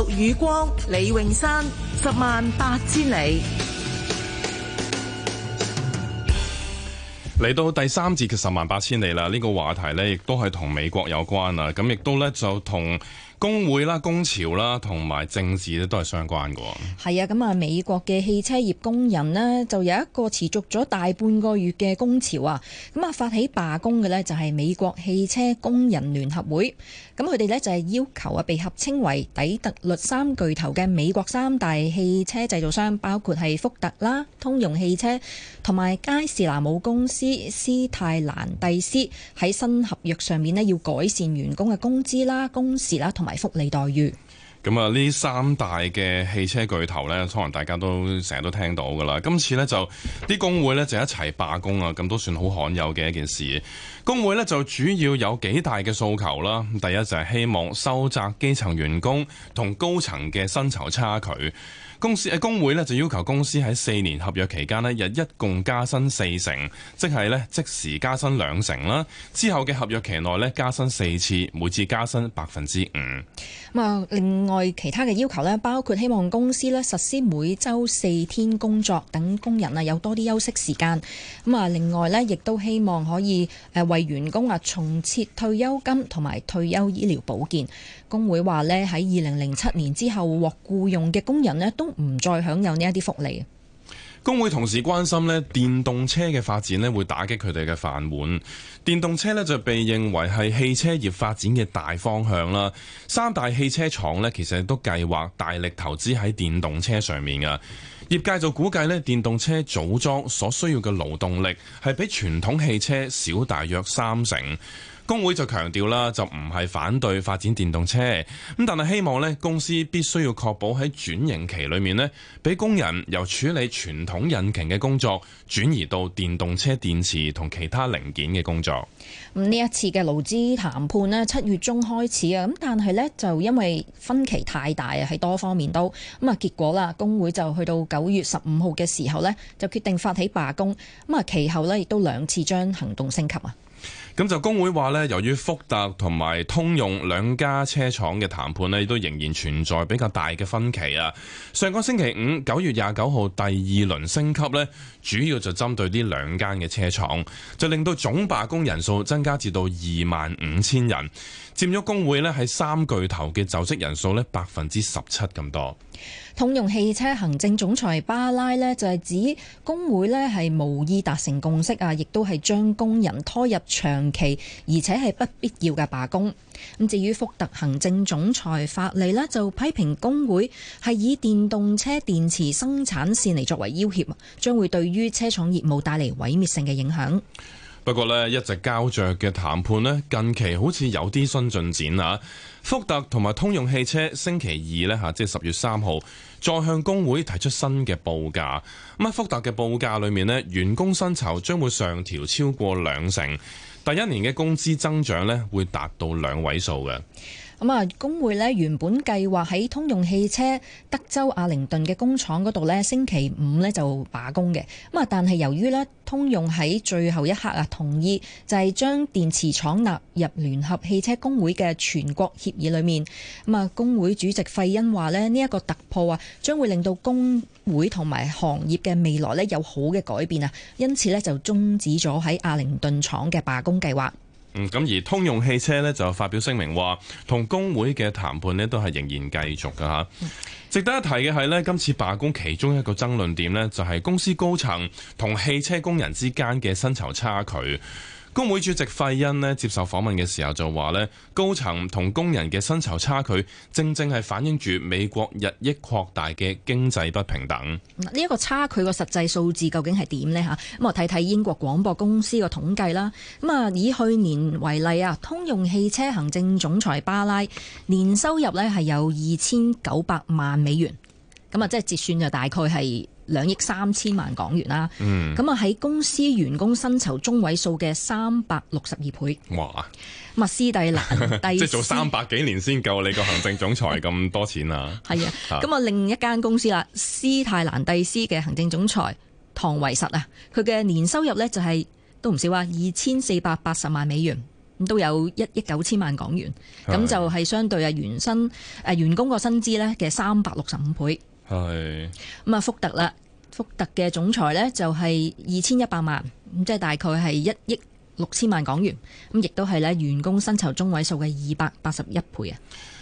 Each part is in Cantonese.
陸宇光、李永山，十萬八千里嚟到第三節嘅十萬八千里啦！呢個話題呢，亦都係同美國有關啦！咁亦都呢，就同。工會啦、工潮啦，同埋政治咧都係相關嘅。係啊，咁啊，美國嘅汽車業工人咧就有一個持續咗大半個月嘅工潮啊！咁啊，發起罷工嘅咧就係美國汽車工人聯合會。咁佢哋咧就係要求啊，被合稱為底特律三巨頭嘅美國三大汽車製造商，包括係福特啦、通用汽車同埋佳士拿母公司斯泰蘭蒂斯，喺新合約上面咧要改善員工嘅工資啦、工時啦同埋福利待遇，咁啊呢三大嘅汽車巨頭呢，可能大家都成日都聽到㗎喇。今次呢，就啲工會呢，就一齊罷工啊，咁都算好罕有嘅一件事。工會呢，就主要有幾大嘅訴求啦。第一就係希望收窄基層員工同高層嘅薪酬差距。公司誒，工會呢，就要求公司喺四年合約期間呢日，一共加薪四成，即係呢，即時加薪兩成啦。之後嘅合約期內呢，加薪四次，每次加薪百分之五。咁啊，另外其他嘅要求呢，包括希望公司呢實施每周四天工作，等工人啊有多啲休息時間。咁啊，另外呢，亦都希望可以誒，為員工啊重設退休金同埋退休醫療保健。工會話呢，喺二零零七年之後獲僱用嘅工人呢，都，唔再享有呢一啲福利。工會同時關心呢電動車嘅發展呢，會打擊佢哋嘅飯碗。電動車呢就被認為係汽車業發展嘅大方向啦。三大汽車廠呢，其實都計劃大力投資喺電動車上面嘅。業界就估計呢，電動車組裝所需要嘅勞動力係比傳統汽車少大約三成。工會就強調啦，就唔係反對發展電動車咁，但係希望咧公司必須要確保喺轉型期裡面咧，俾工人由處理傳統引擎嘅工作轉移到電動車電池同其他零件嘅工作。呢一次嘅勞資談判咧，七月中開始啊，咁但係呢，就因為分歧太大啊，喺多方面都咁啊，結果啦，工會就去到九月十五號嘅時候呢，就決定發起罷工咁啊，其後呢，亦都兩次將行動升級啊。咁就工會話咧，由於福特同埋通用兩家車廠嘅談判呢，都仍然存在比較大嘅分歧啊。上個星期五，九月廿九號第二輪升級呢，主要就針對呢兩間嘅車廠，就令到總罷工人數增加至到二萬五千人，佔咗工會呢，喺三巨頭嘅就職人數呢，百分之十七咁多。通用汽車行政總裁巴拉呢就係指工會呢係無意達成共識啊，亦都係將工人拖入長期而且係不必要嘅罷工。咁至於福特行政總裁法利呢就批評工會係以電動車電池生產線嚟作為要挾，將會對於車廠業務帶嚟毀滅性嘅影響。不過呢一直膠着嘅談判咧，近期好似有啲新進展啊！福特同埋通用汽車星期二咧吓，即係十月三號，再向工會提出新嘅報價。咁喺福特嘅報價裏面咧，員工薪酬將會上調超過兩成，第一年嘅工資增長咧會達到兩位數嘅。咁啊，工會咧原本計劃喺通用汽車德州阿靈頓嘅工廠嗰度咧，星期五咧就罷工嘅。咁啊，但係由於咧通用喺最後一刻啊同意，就係將電池廠納入聯合汽車工會嘅全國協議裏面。咁啊，工會主席費恩話咧，呢、這、一個突破啊，將會令到工會同埋行業嘅未來咧有好嘅改變啊。因此咧，就終止咗喺阿靈頓廠嘅罷工計劃。咁而通用汽車咧就發表聲明話，同工會嘅談判咧都係仍然繼續嘅嚇。值得一提嘅係咧，今次罷工其中一個爭論點咧就係公司高層同汽車工人之間嘅薪酬差距。工會主席費恩咧接受訪問嘅時候就話咧，高層同工人嘅薪酬差距，正正係反映住美國日益擴大嘅經濟不平等。呢一個差距個實際數字究竟係點呢？吓？咁我睇睇英國廣播公司嘅統計啦。咁啊，以去年為例啊，通用汽車行政總裁巴拉年收入咧係有二千九百萬美元，咁啊，即係折算就大概係。兩億三千萬港元啦，咁啊，喺公司員工薪酬中位數嘅三百六十二倍，哇！咁啊，斯蒂蘭帝斯即係做三百幾年先夠你個行政總裁咁多錢啊？係啊，咁啊，另一間公司啦，斯泰蘭蒂斯嘅行政總裁唐維實啊，佢嘅年收入呢就係、是、都唔少啊，二千四百八十萬美元，咁都有一億九千萬港元，咁的就係相對啊原薪誒、呃、員工個薪資呢嘅三百六十五倍。係咁啊，福特啦，福特嘅總裁呢，就係二千一百萬，咁即係大概係一億。六千萬港元，咁亦都係咧員工薪酬中位數嘅二百八十一倍啊！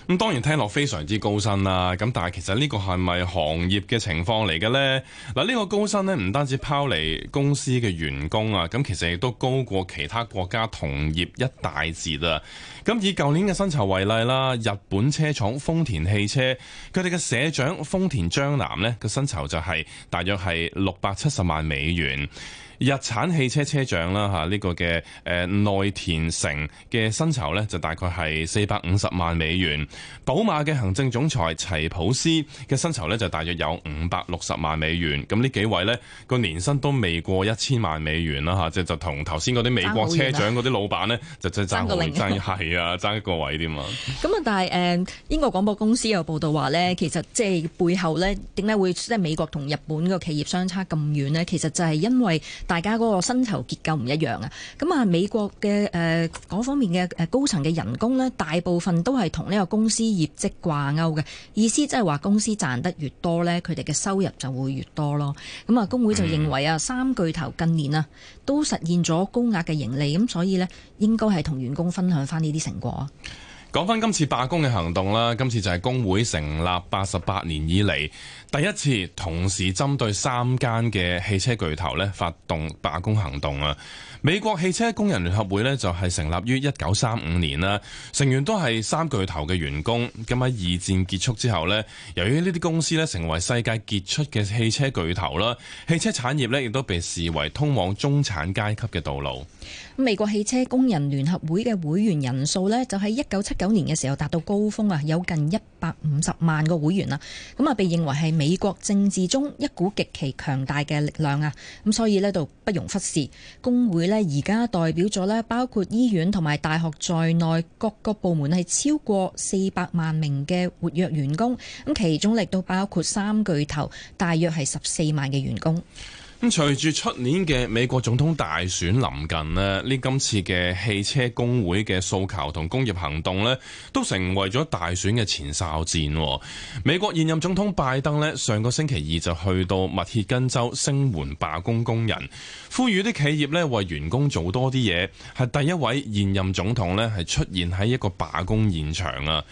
咁當然聽落非常之高薪啦，咁但係其實呢個係咪行業嘅情況嚟嘅呢？嗱，呢個高薪呢，唔單止拋離公司嘅員工啊，咁其實亦都高過其他國家同業一大截啊！咁以舊年嘅薪酬為例啦，日本車廠豐田汽車佢哋嘅社長豐田章男呢，個薪酬就係大約係六百七十萬美元。日產汽車車長啦嚇，呢、呢個嘅誒、呃、內田城嘅薪酬呢，就大概係四百五十萬美元。寶馬嘅行政總裁齊普斯嘅薪酬呢，就大約有五百六十萬美元。咁呢幾位呢，個年薪都未過一千萬美元啦嚇，即、啊、就同頭先嗰啲美國車長嗰啲老闆呢，就真係爭個零，真係啊爭一個位啲嘛。咁啊，但係誒英國廣播公司有報道話呢，其實即係背後呢，點解會即係美國同日本嘅企業相差咁遠呢？其實就係因為大家嗰個薪酬結構唔一樣啊！咁啊，美國嘅誒嗰方面嘅誒、呃、高層嘅人工呢，大部分都係同呢個公司業績掛鈎嘅，意思即係話公司賺得越多呢，佢哋嘅收入就會越多咯。咁啊，工會就認為啊，三巨頭近年啊都實現咗高額嘅盈利，咁所以呢，應該係同員工分享翻呢啲成果，啊。講翻今次罷工嘅行動啦，今次就係工會成立八十八年以嚟第一次同時針對三間嘅汽車巨頭咧發動罷工行動啊！美國汽車工人聯合會咧就係成立於一九三五年啦，成員都係三巨頭嘅員工。咁喺二戰結束之後咧，由於呢啲公司咧成為世界傑出嘅汽車巨頭啦，汽車產業咧亦都被視為通往中產階級嘅道路。美國汽車工人聯合會嘅會員人數咧就喺一九七九年嘅時候達到高峰啊，有近一百五十萬個會員啦。咁啊被認為係美國政治中一股極其強大嘅力量啊，咁所以呢度不容忽視工會。而家代表咗咧，包括醫院同埋大學在內各個部門係超過四百萬名嘅活躍員工，咁其中力亦都包括三巨頭，大約係十四萬嘅員工。咁隨住出年嘅美國總統大選臨近咧，呢今次嘅汽車工會嘅訴求同工業行動咧，都成為咗大選嘅前哨戰。美國現任總統拜登咧，上個星期二就去到密歇根州聲援罷工工人，呼籲啲企業咧為員工做多啲嘢。係第一位現任總統咧，係出現喺一個罷工現場啊！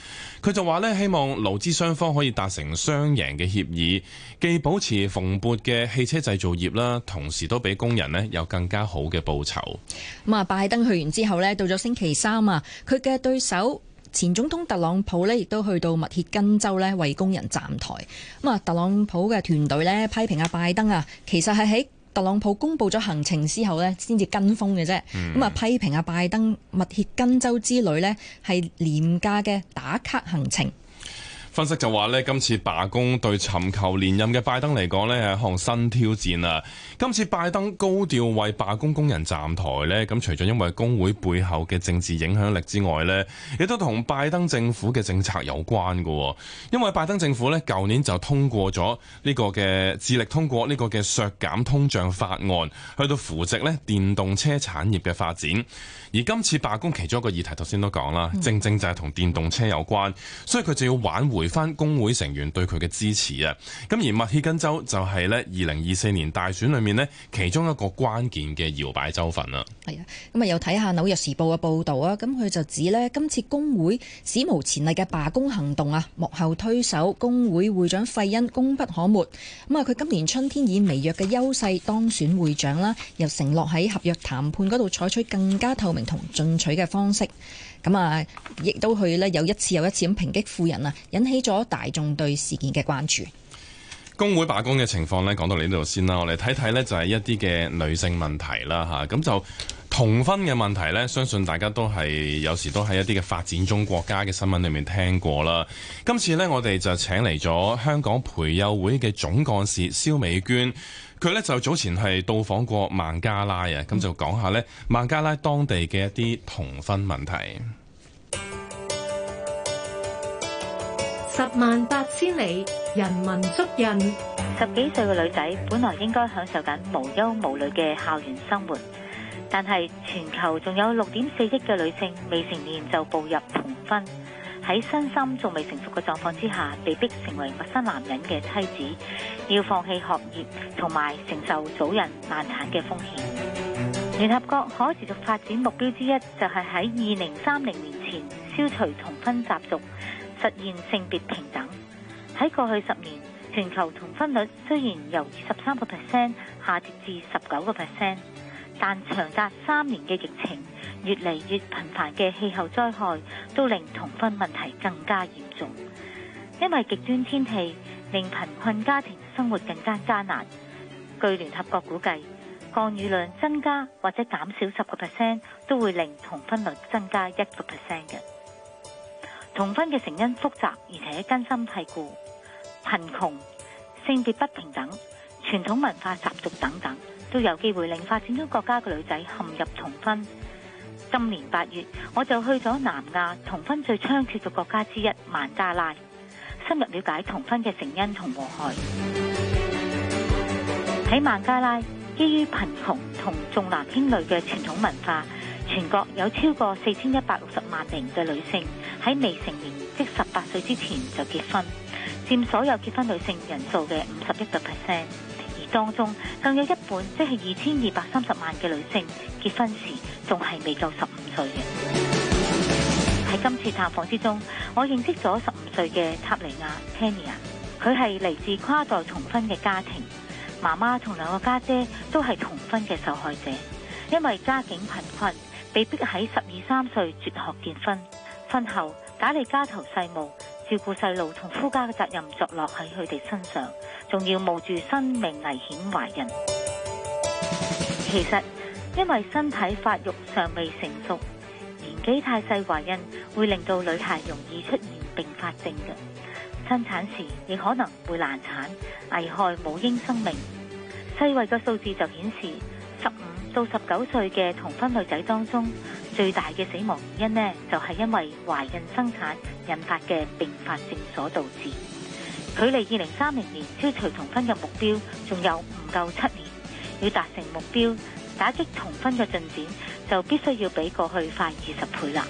佢就話咧，希望勞資雙方可以達成雙贏嘅協議，既保持蓬勃嘅汽車製造業啦，同時都俾工人咧有更加好嘅報酬。咁啊，拜登去完之後呢，到咗星期三啊，佢嘅對手前總統特朗普呢，亦都去到密歇根州呢，為工人站台。咁啊，特朗普嘅團隊呢，批評阿拜登啊，其實係喺特朗普公布咗行程之後咧，先至跟風嘅啫。咁啊、嗯，批評阿拜登密歇根州之旅咧係廉價嘅打卡行程。分析就話呢，今次罷工對尋求連任嘅拜登嚟講呢係一項新挑戰啊！今次拜登高調為罷工工人站台呢，咁除咗因為工會背後嘅政治影響力之外呢，亦都同拜登政府嘅政策有關嘅。因為拜登政府呢，舊年就通過咗呢個嘅致力通過呢個嘅削減通脹法案，去到扶植呢電動車產業嘅發展。而今次罷工其中一個議題，頭先都講啦，正正就係同電動車有關，所以佢就要挽回回翻工會成員對佢嘅支持啊，咁而密歇根州就係呢，二零二四年大選裏面呢，其中一個關鍵嘅搖擺州份啦。係啊，咁啊又睇下紐約時報嘅報導啊，咁佢就指呢，今次工會史無前例嘅罷工行動啊，幕後推手工會會長費恩功不可沒。咁啊，佢今年春天以微弱嘅優勢當選會長啦，又承諾喺合約談判嗰度採取更加透明同進取嘅方式。咁啊，亦都去咧，有一次又一次咁抨擊富人啊，引起咗大眾對事件嘅關注。工會罷工嘅情況咧，講到呢度先啦。我哋睇睇呢，就係一啲嘅女性問題啦，嚇、啊。咁就童婚嘅問題呢，相信大家都係有時都喺一啲嘅發展中國家嘅新聞裏面聽過啦。今次呢，我哋就請嚟咗香港培幼會嘅總幹事蕭美娟。佢咧就早前係到訪過孟加拉啊，咁就講下咧孟加拉當地嘅一啲童婚問題。十萬八千里，人文足印。十幾歲嘅女仔本來應該享受緊無憂無慮嘅校園生活，但係全球仲有六點四億嘅女性未成年就步入童婚。喺身心仲未成熟嘅狀況之下，被逼成為陌生男人嘅妻子，要放棄學業同埋承受早孕難產嘅風險。聯合國可持續發展目標之一就係喺二零三零年前消除童婚習俗，實現性別平等。喺過去十年，全球童婚率雖然由二十三個 percent 下跌至十九個 percent，但長達三年嘅疫情，越嚟越頻繁嘅氣候災害都令童婚問題更加嚴重，因為極端天氣令貧困家庭生活更加艱難。據聯合國估計，降雨量增加或者減少十個 percent，都會令童婚率增加一個 percent 嘅。童婚嘅成因複雜，而且根深蒂固，貧窮、性別不平等、傳統文化習俗等等，都有機會令發展中國家嘅女仔陷入童婚。今年八月，我就去咗南亞童婚最猖獗嘅國家之一，孟加拉，深入了解童婚嘅成因同禍害。喺孟加拉，基於貧窮同重男輕女嘅傳統文化，全國有超過四千一百六十萬名嘅女性喺未成年即十八歲之前就結婚，佔所有結婚女性人數嘅五十一個 percent。當中更有一半，即係二千二百三十萬嘅女性結婚時仲係未夠十五歲嘅。喺 今次探訪之中，我認識咗十五歲嘅塔尼亞 （Tania）。佢係嚟自跨代童婚嘅家庭，媽媽同兩個家姐、姐都係童婚嘅受害者。因為家境貧困，被逼喺十二三歲輟學結婚。婚後打理家頭細務、照顧細路同夫家嘅責任，落喺佢哋身上。仲要冒住生命危險懷孕，其實因為身體發育尚未成熟，年紀太細懷孕會令到女孩容易出現併發症嘅，生產時亦可能會難產，危害母嬰生命。世衛嘅數字就顯示，十五到十九歲嘅童婚女仔當中，最大嘅死亡原因呢，就係、是、因為懷孕生產引發嘅併發症所導致。距離二零三零年消除童婚嘅目標，仲有唔夠七年，要達成目標，打擊童婚嘅進展，就必須要比過去快二十倍啦！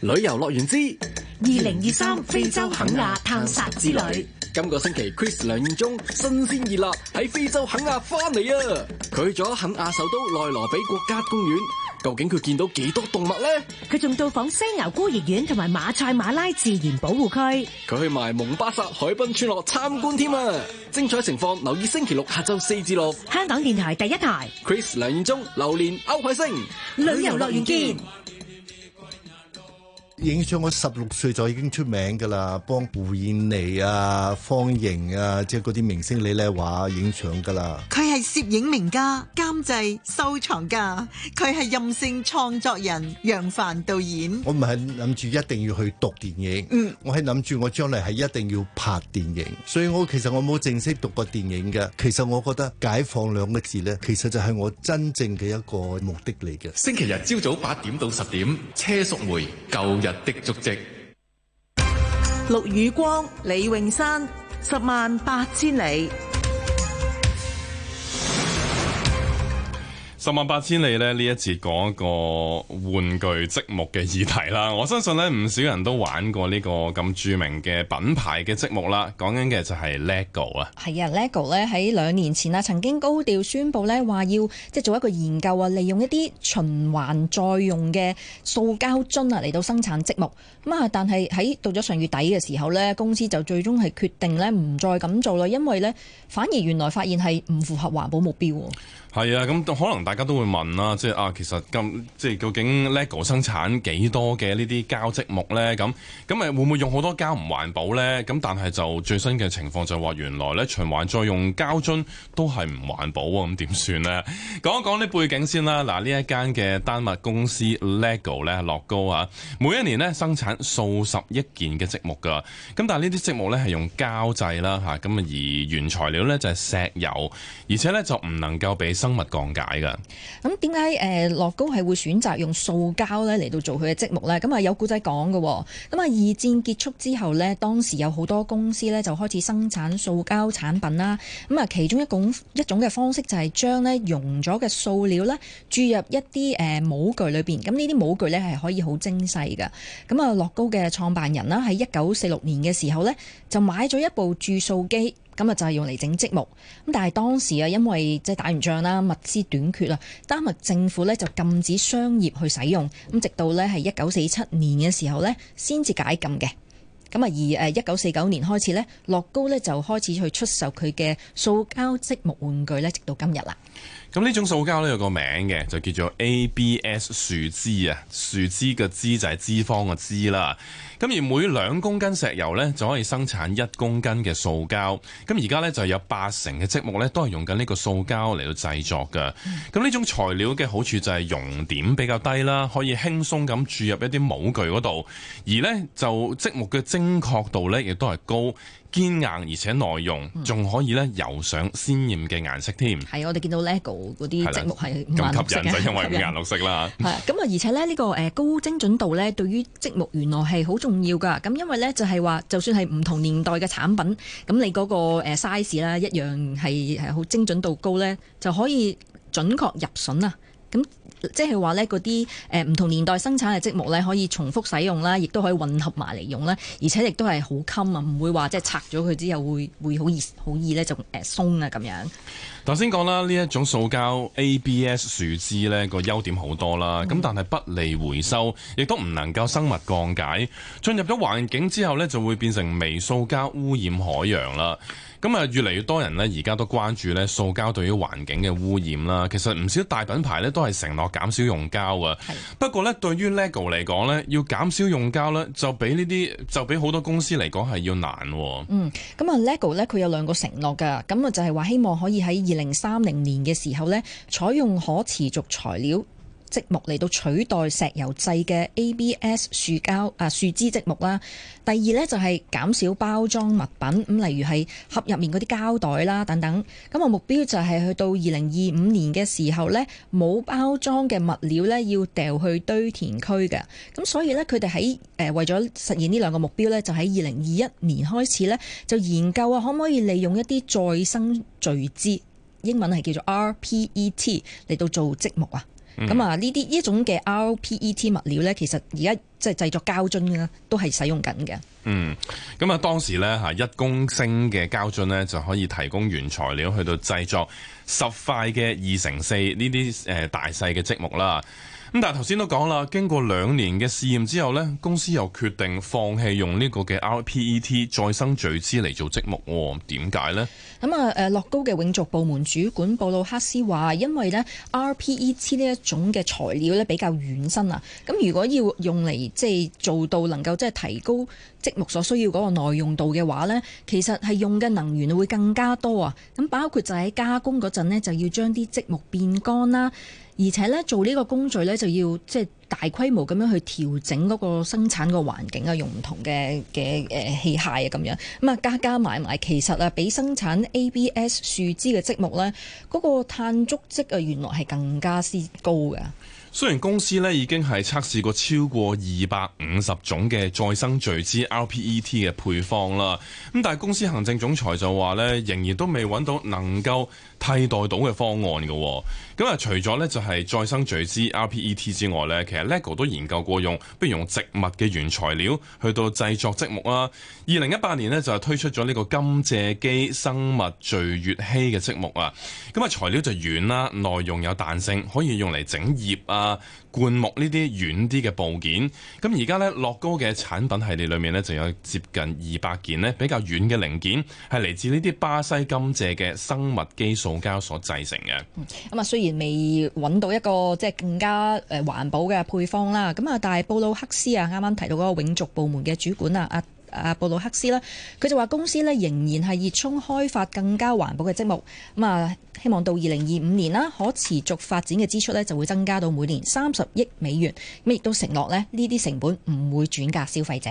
旅遊樂園之二零二三非洲肯亞探索之旅。今個星期 Chris 梁健忠新鮮熱辣喺非洲肯亞翻嚟啊！佢去咗肯亞首都內羅比國家公園，究竟佢見到幾多動物咧？佢仲到訪犀牛孤兒院同埋馬賽馬拉自然保護區，佢去埋蒙巴薩海濱村落參觀添啊！哎、呀精彩情況留意星期六下晝四至六，香港電台第一台 Chris 梁健忠，留念歐凱聲，旅遊樂園見。影相我十六歲就已經出名噶啦，幫胡燕妮啊、方盈啊，即係嗰啲明星李麗華影相噶啦。佢係攝影名家、監製、收藏家，佢係任性創作人、楊凡導演。我唔係諗住一定要去讀電影，嗯，我係諗住我將來係一定要拍電影，所以我其實我冇正式讀過電影嘅。其實我覺得解放兩個字呢，其實就係我真正嘅一個目的嚟嘅。星期日朝早八點到十點，車淑梅舊日的足跡，陸宇光、李榮山，十萬八千里。十萬八千里呢，呢一節講一個玩具積木嘅議題啦，我相信呢，唔少人都玩過呢個咁著名嘅品牌嘅積木啦。講緊嘅就係 LEGO 啊，係啊，LEGO 咧喺兩年前啊曾經高調宣佈呢，話要即係做一個研究啊，利用一啲循環再用嘅塑膠樽啊嚟到生產積木。咁啊，但係喺到咗上月底嘅時候呢，公司就最終係決定呢唔再咁做啦，因為呢，反而原來發現係唔符合環保目標。係啊，咁可能大家都會問啦，即係啊，其實咁即係究竟 LEGO 生產幾多嘅呢啲膠積木呢？咁咁誒會唔會用好多膠唔環保呢？咁但係就最新嘅情況就話、是、原來呢循環再用膠樽都係唔環保啊！咁點算呢？講一講啲背景先啦。嗱，呢一間嘅丹麥公司 LEGO 咧，樂高啊，每一年呢生產數十億件嘅積木㗎。咁但係呢啲積木呢係用膠製啦嚇。咁啊而原材料呢就係、是、石油，而且呢就唔能夠被生物降解噶，咁點解誒樂高係會選擇用塑膠咧嚟到做佢嘅積木呢？咁啊有古仔講嘅，咁啊二戰結束之後呢，當時有好多公司咧就開始生產塑膠產品啦。咁啊其中一種一種嘅方式就係將咧溶咗嘅塑料咧注入一啲誒模具裏邊。咁呢啲模具咧係可以好精細嘅。咁啊樂高嘅創辦人啦喺一九四六年嘅時候咧就買咗一部注塑機。今日就係用嚟整積木，咁但係當時啊，因為即係打完仗啦，物資短缺啦，丹麥政府咧就禁止商業去使用，咁直到咧係一九四七年嘅時候咧，先至解禁嘅。咁啊，而誒一九四九年開始咧，樂高咧就開始去出售佢嘅塑膠積木玩具咧，直到今日啦。咁呢種塑膠呢，有個名嘅，就叫做 ABS 樹脂啊，樹脂嘅脂就係脂肪嘅脂啦。咁而每兩公斤石油呢，就可以生產一公斤嘅塑膠。咁而家呢，就有八成嘅積木呢，都係用緊呢個塑膠嚟到製作嘅。咁呢、嗯、種材料嘅好處就係熔點比較低啦，可以輕鬆咁注入一啲模具嗰度，而呢，就積木嘅精確度呢，亦都係高。堅硬而且耐用，仲可以咧油上鮮艷嘅顏色添。係啊，嗯，我哋見到 LEGO 嗰啲積木係咁吸引，就因為五顏六色啦。係咁啊，而且咧呢個誒高精準度咧，對於積木原來係好重要噶。咁因為咧就係話，就算係唔同年代嘅產品，咁你嗰個 size 啦一樣係係好精準度高咧，就可以準確入榫啊。咁即係話咧，嗰啲誒唔同年代生產嘅積木咧，可以重複使用啦，亦都可以混合埋嚟用啦，而且亦都係好襟啊，唔會話即係拆咗佢之後會會好易好易咧就誒鬆啊咁樣。頭先講啦，呢一種塑膠 ABS 樹脂咧個優點好多啦，咁但係不利回收，亦都唔能夠生物降解，進入咗環境之後咧就會變成微塑膠污染海洋啦。咁啊，越嚟越多人呢，而家都關注呢塑膠對於環境嘅污染啦。其實唔少大品牌呢，都係承諾減少用膠啊。是不過呢，對於 Lego 嚟講呢，要減少用膠呢，就比呢啲就比好多公司嚟講係要難。嗯，咁啊 Lego 呢，佢有兩個承諾㗎。咁啊就係、是、話希望可以喺二零三零年嘅時候呢，採用可持續材料。積木嚟到取代石油製嘅 ABS 樹膠啊，樹枝積木啦。第二呢，就係減少包裝物品咁，例如係盒入面嗰啲膠袋啦等等。咁個目標就係去到二零二五年嘅時候呢，冇包裝嘅物料呢要掉去堆填區嘅。咁所以呢，佢哋喺誒為咗實現呢兩個目標呢，就喺二零二一年開始呢，就研究啊，可唔可以利用一啲再生聚酯，英文係叫做 R-P-E-T 嚟到做積木啊？咁啊，呢啲呢種嘅 R-P-E-T 物料呢，其實而家即係製作膠樽啦，都係使用緊嘅，嗯。嗯，咁啊，當時呢，嚇一公升嘅膠樽咧，就可以提供原材料去到製作十塊嘅二乘四呢啲誒大細嘅積木啦。咁但係頭先都講啦，經過兩年嘅試驗之後咧，公司又決定放棄用呢個嘅 rPET 再生聚酯嚟做積木，點解呢？咁、嗯、啊、誒，樂高嘅永續部門主管布魯克斯話，因為呢 rPET 呢一種嘅材料咧，比較軟身啊，咁如果要用嚟即係做到能夠即係提高。積木所需要嗰個耐用度嘅話呢，其實係用嘅能源會更加多啊！咁包括就喺加工嗰陣咧，就要將啲積木變乾啦，而且呢，做呢個工序呢，就要即係大規模咁樣去調整嗰個生產個環境啊，用唔同嘅嘅誒器械啊咁樣。咁啊，加加埋埋，其實啊，比生產 ABS 樹脂嘅積木呢，嗰、那個碳足跡啊，原來係更加之高嘅。雖然公司咧已經係測試過超過二百五十種嘅再生聚酯 rPET 嘅配方啦，咁但係公司行政總裁就話咧，仍然都未揾到能夠替代到嘅方案嘅、哦，咁、嗯、啊除咗咧就係、是、再生聚酯 （RPET） 之外咧，其實 LEGO 都研究過用，不如用植物嘅原材料去到製作積木啦、啊。二零一八年咧就係、是、推出咗呢個甘蔗基生物聚乙烯嘅積木啊。咁、嗯、啊材料就軟啦，耐用有彈性，可以用嚟整葉啊、灌木呢啲軟啲嘅部件。咁而家咧樂高嘅產品系列裏面咧就有接近二百件咧比較軟嘅零件，係嚟自呢啲巴西甘蔗嘅生物基素。塑膠所製成嘅。咁啊，雖然未揾到一個即係更加誒環保嘅配方啦，咁啊，但係布魯克斯啊，啱啱提到嗰個永續部門嘅主管啊，阿阿布魯克斯啦，佢就話公司呢仍然係熱衷開發更加環保嘅積木。咁啊，希望到二零二五年啦，可持續發展嘅支出呢就會增加到每年三十億美元咁，亦都承諾呢呢啲成本唔會轉嫁消費者。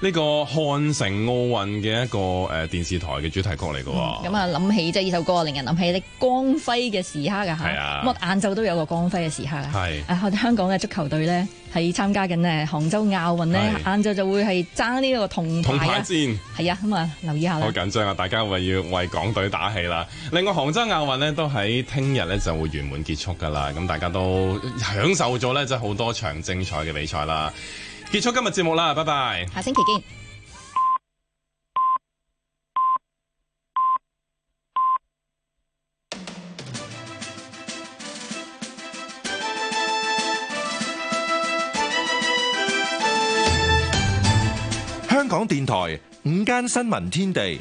呢個漢城奧運嘅一個誒電視台嘅主題曲嚟嘅，咁啊諗起即係呢首歌令人諗起你光輝嘅時刻噶吓。係啊，咁啊晏晝都有個光輝嘅時刻啦。係是，啊我哋香港嘅足球隊咧喺參加緊呢杭州亞運咧，晏晝是就會係爭呢個銅牌，銅牌啊。銅牌戰係啊，咁啊留意下。好緊張啊，大家為要為港隊打氣啦。另外杭州亞運呢都喺聽日咧就會圓滿結束噶啦，咁大家都享受咗咧即係好多場精彩嘅比賽啦。結束今日節目啦，拜拜。下星期見。香港電台五間新聞天地。